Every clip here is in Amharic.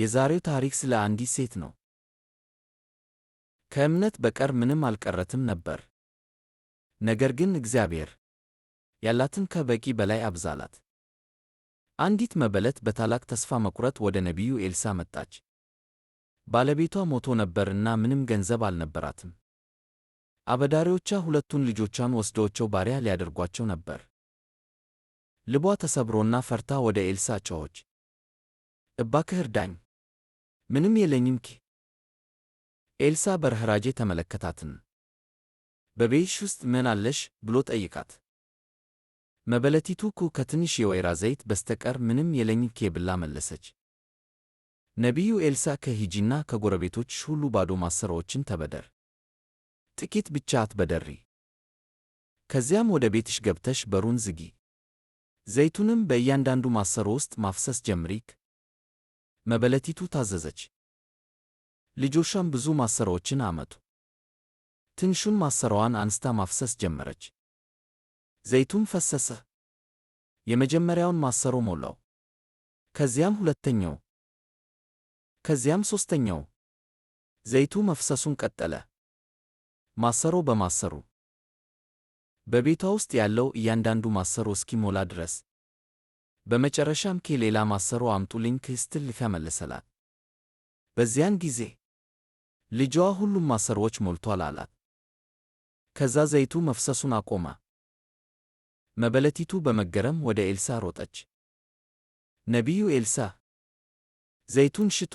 የዛሬው ታሪክ ስለ አንዲት ሴት ነው። ከእምነት በቀር ምንም አልቀረትም ነበር። ነገር ግን እግዚአብሔር ያላትን ከበቂ በላይ አብዛላት። አንዲት መበለት በታላቅ ተስፋ መቁረጥ ወደ ነቢዩ ኤልሳ መጣች። ባለቤቷ ሞቶ ነበርና ምንም ገንዘብ አልነበራትም። አበዳሪዎቿ ሁለቱን ልጆቿን ወስደዋቸው ባሪያ ሊያደርጓቸው ነበር። ልቧ ተሰብሮና ፈርታ ወደ ኤልሳ ጮኸች፣ እባክህ እርዳኝ። ምንም የለኝም ኪ ኤልሳ በርህራጄ ተመለከታትን። በቤትሽ ውስጥ ምን አለሽ ብሎ ጠይቃት። መበለቲቱ ኩ ከትንሽ የወይራ ዘይት በስተቀር ምንም የለኝም ኬ ብላ መለሰች። ነቢዩ ኤልሳ ከሂጂና ከጎረቤቶችሽ ሁሉ ባዶ ማሰሮዎችን ተበደር፣ ጥቂት ብቻ አትበደሪ። ከዚያም ወደ ቤትሽ ገብተሽ በሩን ዝጊ፣ ዘይቱንም በእያንዳንዱ ማሰሮ ውስጥ ማፍሰስ ጀምሪክ መበለቲቱ ታዘዘች። ልጆቿም ብዙ ማሰሮዎችን አመጡ። ትንሹን ማሰሮዋን አንስታ ማፍሰስ ጀመረች። ዘይቱም ፈሰሰ። የመጀመሪያውን ማሰሮ ሞላው። ከዚያም ሁለተኛው፣ ከዚያም ሦስተኛው። ዘይቱ መፍሰሱን ቀጠለ። ማሰሮ በማሰሩ በቤቷ ውስጥ ያለው እያንዳንዱ ማሰሮ እስኪሞላ ድረስ በመጨረሻም ከሌላ ማሰሮ አምጡልኝ ክስትል ልካ በዚያን ጊዜ ልጇ ሁሉም ማሰሮዎች ሞልቷል አላት። ከዛ ዘይቱ መፍሰሱን አቆማ። መበለቲቱ በመገረም ወደ ኤልሳ ሮጠች። ነቢዩ ኤልሳ ዘይቱን ሽጡ፣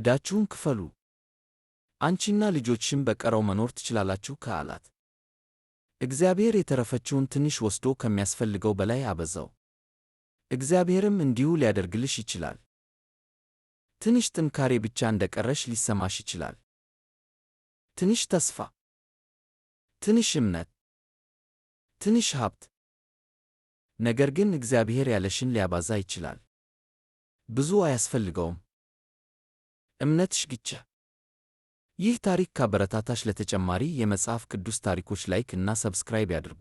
ዕዳችሁን ክፈሉ፣ አንቺና ልጆችሽም በቀረው መኖር ትችላላችሁ ከአላት። እግዚአብሔር የተረፈችውን ትንሽ ወስዶ ከሚያስፈልገው በላይ አበዛው። እግዚአብሔርም እንዲሁ ሊያደርግልሽ ይችላል። ትንሽ ጥንካሬ ብቻ እንደቀረሽ ሊሰማሽ ይችላል። ትንሽ ተስፋ፣ ትንሽ እምነት፣ ትንሽ ሀብት። ነገር ግን እግዚአብሔር ያለሽን ሊያባዛ ይችላል። ብዙ አያስፈልገውም። እምነትሽ ግቻ ይህ ታሪክ ካበረታታሽ ለተጨማሪ የመጽሐፍ ቅዱስ ታሪኮች ላይክ እና ሰብስክራይብ ያድርጉ።